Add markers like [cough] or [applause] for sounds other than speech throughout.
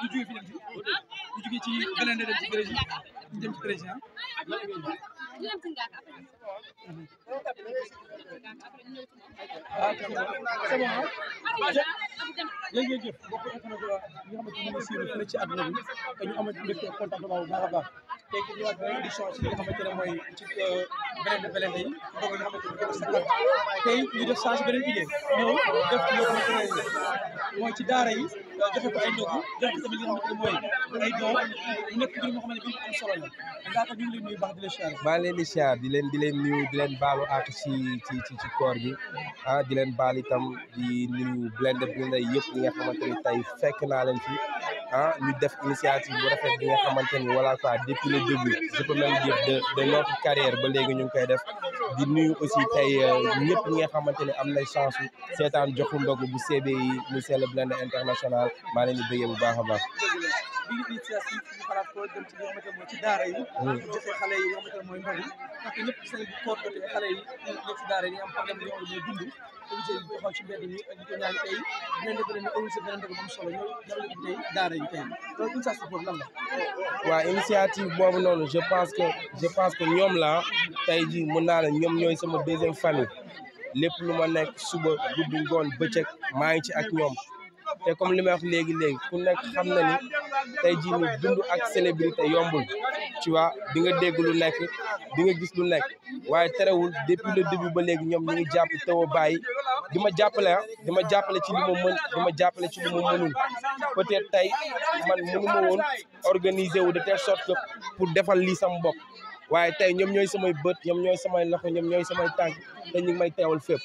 ñu jógee fi ci ñu de ci Belende dem ci président dem ci président ah. jërëjëf bokk internet yi nga xamante ne ñu siiru fële ci àdduna bi te ñu amati mbégte a baax ci li nga xamante ne mooy ci Belende Belende yi donc nga xamante ne ñu sa tey ñu def saa si beneen idée ñëw def ci loo xamante ne joxe ko ay ndogu joxe di leen maa leen di siyaar di leen di leen nuyu di leen baalu àq ci ci ci koor gi ah di leen baal itam di def Blindé Blindé yëpp ñi nga xamante ni tey fekk naa leen ci ah ñu def initiative bu rafet bi nga xamante ni voilà quoi depuis le début je peux même de de notre ba léegi ñu ngi koy def di nuyu aussi tey euh, ñëpp ñi nga xamante ne am nañ chance seetaan joxu ndogu bu CBI muy Blindé International maa leen di bëggee bu baax a baax koo jëm ci li ci daara yi. Hmm. yi li nga xamante yi parce que am problème yoo xam ne ñooy dund obligé yi taxaw ci mbedd mi ak ñu ko ñaan boobu noonu je pense que je pense que ñoom la tey jii mën naa ne ñoom ñooy sama deuxième famille lépp lu ma nekk suba guddi ngoon bëccëg maa ngi ci ak ñoom te comme li may léegi léegi ku nekk xam na ni tey jii dund ak célébrité yombul tu vois di nga dégg lu nekk di nga gis lu nekk waaye terewul depuis le début ba léegi ñoom ñu ngi jàpp taw a bàyyi di ma jàppale ah, di ma jàppale ci li ma mën di ma jàppale ci li ma mënul peut-être tey man mënu ma woon organiser wu de telle sorte pour defal lii sama bopp waaye tey ñoom ñooy samay bët ñoom ñooy samay loxo ñoom ñooy samay tànk te ñu ngi may teewal fépp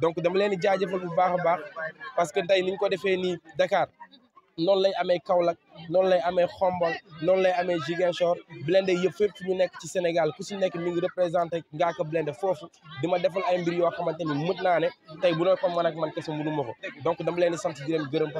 donc dama leen di jaajëfal bu baax a baax parce que tey ni ñu ko defee nii Dakar noonu lay amee Kaolack noonu lay amee xombol noonu lay amee Ziguinchor Blindé yëpp fépp fu ñu nekk ci Sénégal ku si nekk mi ngi représenté Ngaaka Blindé foofu di ma defal ay mbir yoo xamante ni mën naa ne bu doon ko man ak man kese dama leen di sant di leen gërëm mhm.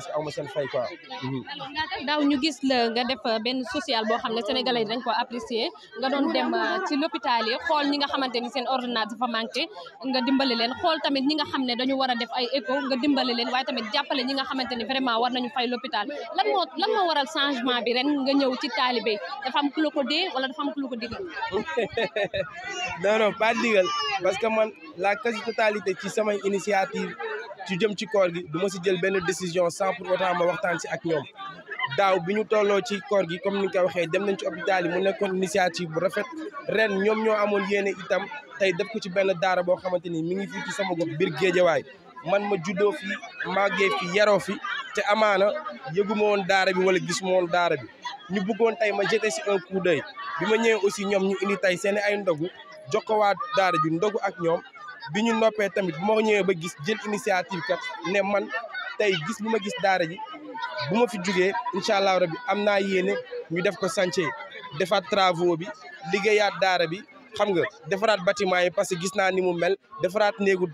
daaw ñu gis la nga def euh, benn social boo xam ne sénégalais dañ ko apprécier nga doon dem euh, ci l'hôpital yi xool ñi nga xamante ni seen ordonnance dafa manqué nga dimbali leen xool tamit ñi nga xam ne dañu war a def ay éco nga dimbali leen waaye tamit jàppale ñi nga xamante ni vraiment war nañu fay l'hôpital changement bi ren nga ñëw ci taalibe dafa am ku la ko dee wala dafa ko digal. [laughs] non non pas digal parce que man laa quasi totalité ci samay initiative ci jëm ci koor gi du si jël benn décision sans pour autant ma waxtaan si ak ñoom. daaw bi ñu tolloo ci koor gi comme ni nga ko waxee dem nañ ci hôpital yi mu nekkoon initiative bu rafet ren ñoom ñoo amoon yéene itam tey def ko ci benn daara boo xamante ni mi ngi fii ci sama gox biir géejawaay man ma juddoo fi màggee fi yaroo fi te amaana yëguma woon daara bi wala gisuma woon daara bi ñu buggoon tey ma jeter si un coup d'œil bi ma ñëwee aussi ñoom ñu indi tey seen ay ndogu jox ko daara ji ndogu ak ñoom bi ñu noppee tamit bu ma ñëwee ba gis jël initiative kat ne man tey gis bu ma gis daara ji bu ma fi jugee incha allah rabbi am naa yéene ñu def ko chantier defaat travaux bi liggéeyaat daara bi xam nga defaraat bâtiment yi parce que gis naa ni mu mel defaraat néegu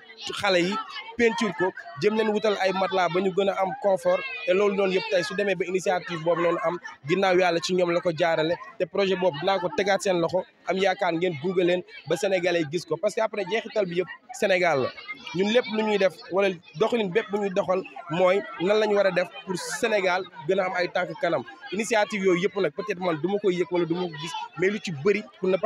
xale yi peinture ko jëm leen wutal ay matelas ba ñu gën a am confort te loolu noonu yëpp tey su demee ba initiative boobu noonu am ginnaaw yàlla ci ñoom la ko jaarale te projet boobu dinaa ko tegaat seen loxo am yaakaar ngeen gunge ba sénégalais gis ko parce que après jeexital bi yëpp Sénégal la ñun lépp lu ñuy def wala doxalin bépp bu ñuy doxal mooy na la ñu war a def pour Sénégal gën a am ay tànk kanam initiative yooyu yëpp nag peut-être man du ma koy yëg wala du ma ko gis mais lu ci bëri pour ne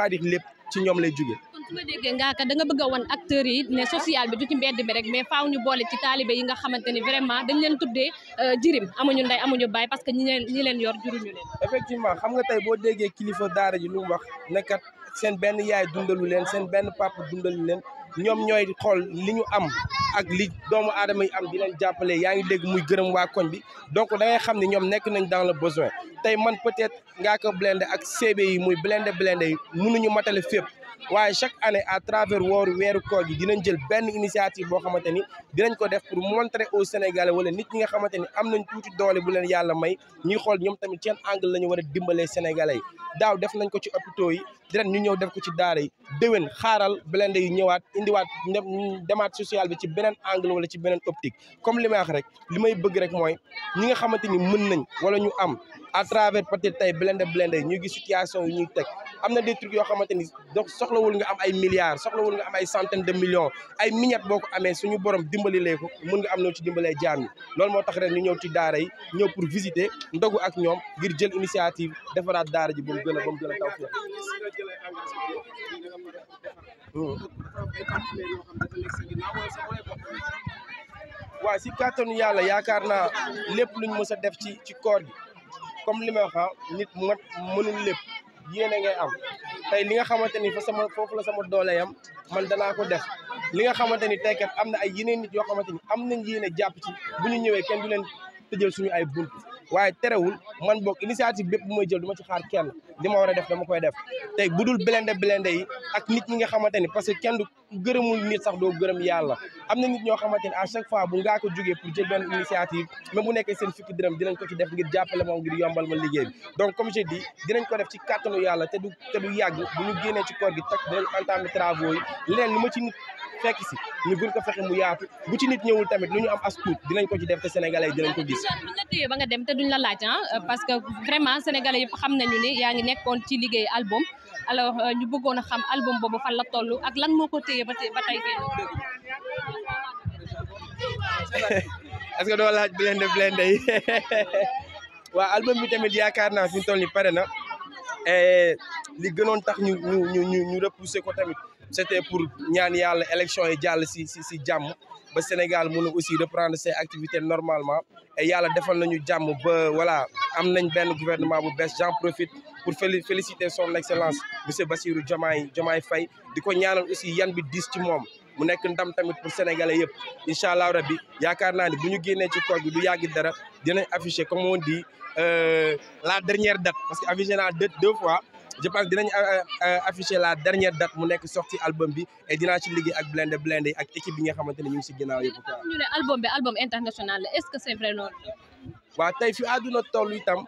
faaw ñu boole ci taalibe yi nga xamante ni vraiment dañ leen tuddee euh, jirim amuñu ndey amuñu baay parce que ñi leen ñi leen yor juruñu leen effectivement xam nga tey boo déggee kilifa daara ji lu wax nekkat seen benn yaay dundalu leen seen benn papa dundalu leen ñoom ñooy xool li ñu am ak li doomu aadama yi am di leen jàppale yaa ngi dégg muy gërëm waa koñ bi donc da ngay xam ne ñoom nekk nañ dans le besoin tey man peut-être ngaa ko blende ak CB yi muy blende blende yi mënuñu matale fépp waaye chaque année à travers wooru weeru kool gi dinañ jël benn initiative boo xamante ni dinañ ko def pour montrer au wala nit ñi nga xamante ni am nañ tuuti doole bu leen yàlla may ñuy xool ñoom tamit seen angle la ñu war a dimbalee Sénégalais yi daaw def nañ ko ci hôpitaux yi dinañ ñu ñëw def ko ci daara yi déwén xaaral blende yu ñëwaat indiwaat demaat social bi ci beneen angle wala ci beneen optique comme li may rek li may bëgg rek mooy ñi nga xamante ni mën nañ wala ñu am à travers peut-être tey blende blende yi ñuy gis situation yi ñuy teg am na des yoo xamante ni soxlawul nga am ay milliards soxlawul nga am ay centaine de millions ay miñet boo ko amee suñu borom dimbali lee ko mun nga am noo ci dimbalee jaam yi moo tax ren ñu ñëw ci daara yi ñëw pour visiter ak ñoom ngir jël initiative defaraat daara ji ba gën a ba gën a taw fi waaw si kàttanu yàlla yaakaar naa lépp luñ mës a def ci ci koor gi comme li ma wax ah, nit mat mënul lépp yéene ngay am tey li nga xamante ni fa sama foofu la sama doole yam man danaa ko def li nga xamante ni tey am na ay yeneen nit yoo xamante ni am nañ yéene jàpp ci bu ñu ñëwee kenn du leen tëjal suñu ay bunt waaye terewul man boog initiative bépp bu may jël du ma ci xaar kenn li ma war a def dama koy def tey bu dul blende blende yi ak nit ñi nga xamante ni parce que kenn du gërëmu nit sax doo gërëm yàlla am na nit ñoo xamante ni à chaque fois bu ngaa ko jógee pour jël benn initiative même bu nekkee seen fukki dërëm dinañ ko ci def ngir jàppale moom ngir yombal ma liggéey bi donc comme je dina dinañ ko def ci kàttanu yàlla te du te du yàgg bu ñu génnee ci koor gi tak dinañ entamé travaux yi leneen lu fekk si ñu gën ko fexe mu yaatu bu ci nit ñëwul tamit lu ñu am as tuut dinañ ko ci def te sénégalais yi dinañ ko gis bu la téyee ba nga dem te duñ la laaj ah parce que vraiment sénégalais yëpp xam nañu ni yaa ngi nekkoon ci liggéey album alors euh, ñu bëggoon a xam album boobu fan la tollu ak lan moo ko téye ba ba tey [laughs] que doo laaj blende blende yi [laughs] waaw album bi tamit yaakaar naa fi mu toll ni pare na li gënoon tax ñu ñu ñu ñu repousser ko tamit c'était pour ñaan yàlla élection yi jàll si si si jàmm ba Sénégal mun aussi reprendre ses activité normalement et yàlla na ñu jàmm ba voilà am nañ benn gouvernement bu bees j'en profite pour féliciter son excellence monsieur Bassirou Diomaye Diomaye Faye di ko ñaanal aussi yan bi diis ci moom mu nekk ndam tamit pour sénégalais yëpp incha allah rabbi yaakaar naa ni bu ñu génnee ci koor bi du yàgg dara dinañ afficher comme di dit euh, la dernière date parce que deux fois je pense dinañ euh, euh, afficher la dernière date mu nekk sorti album bi et ci liggéey ak Blindé Blindé ak équipe bi nga xamante ne ñu ngi si ginnaaw yëpp quoi. ne album bi album international la est-ce que c'est waaw tey fi àdduna toll itam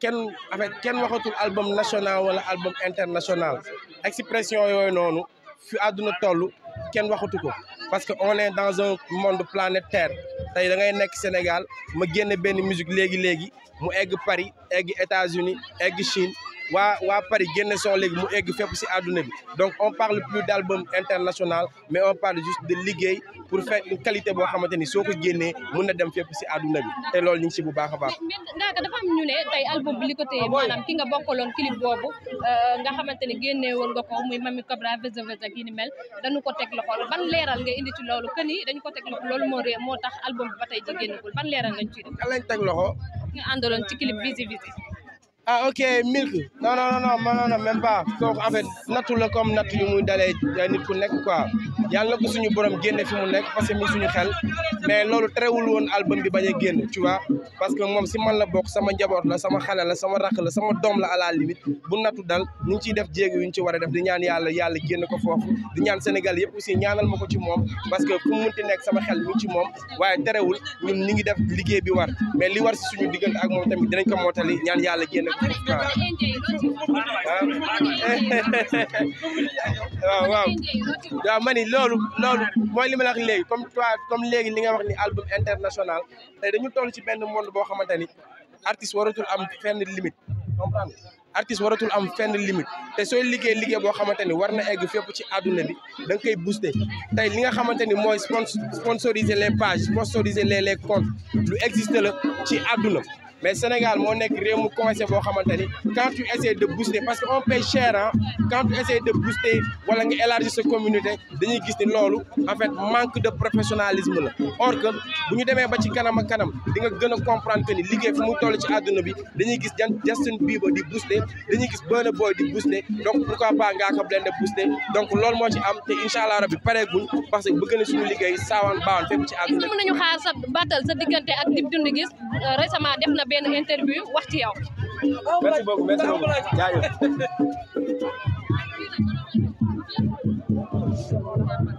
kenn en kenn waxatul album national wala album international expression yooyu noonu fi àdduna toll kenn waxatu ko parce que on est dans un monde planétaire tey da ngay nekk Sénégal ma génn benn musique léegi léegi mu egg Paris egg États-Unis egg Chine. waa waa Paris génne soo léegi mu egg fépp si àdduna bi donc on parle plus d' international mais on parle juste de liggéey pour faire qualité boo xamante ni soo ko génnee mun na dem fépp si adduna bi te loolu ni ngi si bu baax a baax. ndaaka dafa am ñu ne tey ko téye maanaam ki nga bokkaloon clip boobu euh, nga xamante ne génne woon nga ko muy Mamy Cobra Veza Veza gi ni mel dañu ko teg loxo ban leeral nga indi ci loolu que ni dañu ko teg loxo loolu moo ree moo tax album bi ba tey ji ko ban leeral nga ñu ciy def. kan lañ teg loxo. nga àndaloon ci clip Visi ah ok milk non non na non non même pas kooku en fait la comme nattu yu muy dalee euh, nit ku nekk quoi. yàlla ko suñu borom génne fi mu nekk parce mi suñu xel mais loolu terewul woon album bi bañ a génn tu vois moom si man la bokk sama njaboot la sama xale la sama rakk la sama doom la à la limite bu nattu dal ñu ngi def jéego yu ñu ci war a def di ñaan yàlla yàlla génn ko foofu di ñaan Sénégal yëpp aussi ñaanal ma ko ci moom parce que fu mu munti nekk sama xel mi ngi ci moom waaye terewul ñun ñu def liggéey bi war mais li war si suñu diggante ak moom tamit dinañ ko mootali ñaan yàlla génn ko [laughs] waaw waaw waaw [laughs] waaw mani loolu loolu mooy li ma la wax léegi comme toi comme léegi li nga wax ni album international tey dañu toll ci benn monde boo xamante ni artiste waratul am fenn limite comprendre artiste waratul am fenn limite te sooy liggéey liggéey boo xamante ni war na egg fépp ci àdduna bi da nga koy booster tey li nga xamante ni mooy sponsoriser les page sponsoriser les les comptes lu existe la ci àdduna mais Sénégal moo nekk réew mu coincé boo xamante ni quand tu essaies de booster parce que on paye cher ah quand tu wala nga élargir sa communauté dañuy gis ni loolu en manque de professionnalisme la or bu ñu demee ba ci kanam ak kanam di nga gën a comprendre ni liggéey fu mu toll ci àdduna bi dañuy gis Justin Bieber di booster dañuy gis Burna Boy di booster donc pourquoi loolu moo ci am te incha allah rabi pareeguñ parce que bëgg na suñu liggéey saawaan baawaan fépp ci àdduna benn interview wax ci yow. merci beaucoup merci beaucoup jaajëf.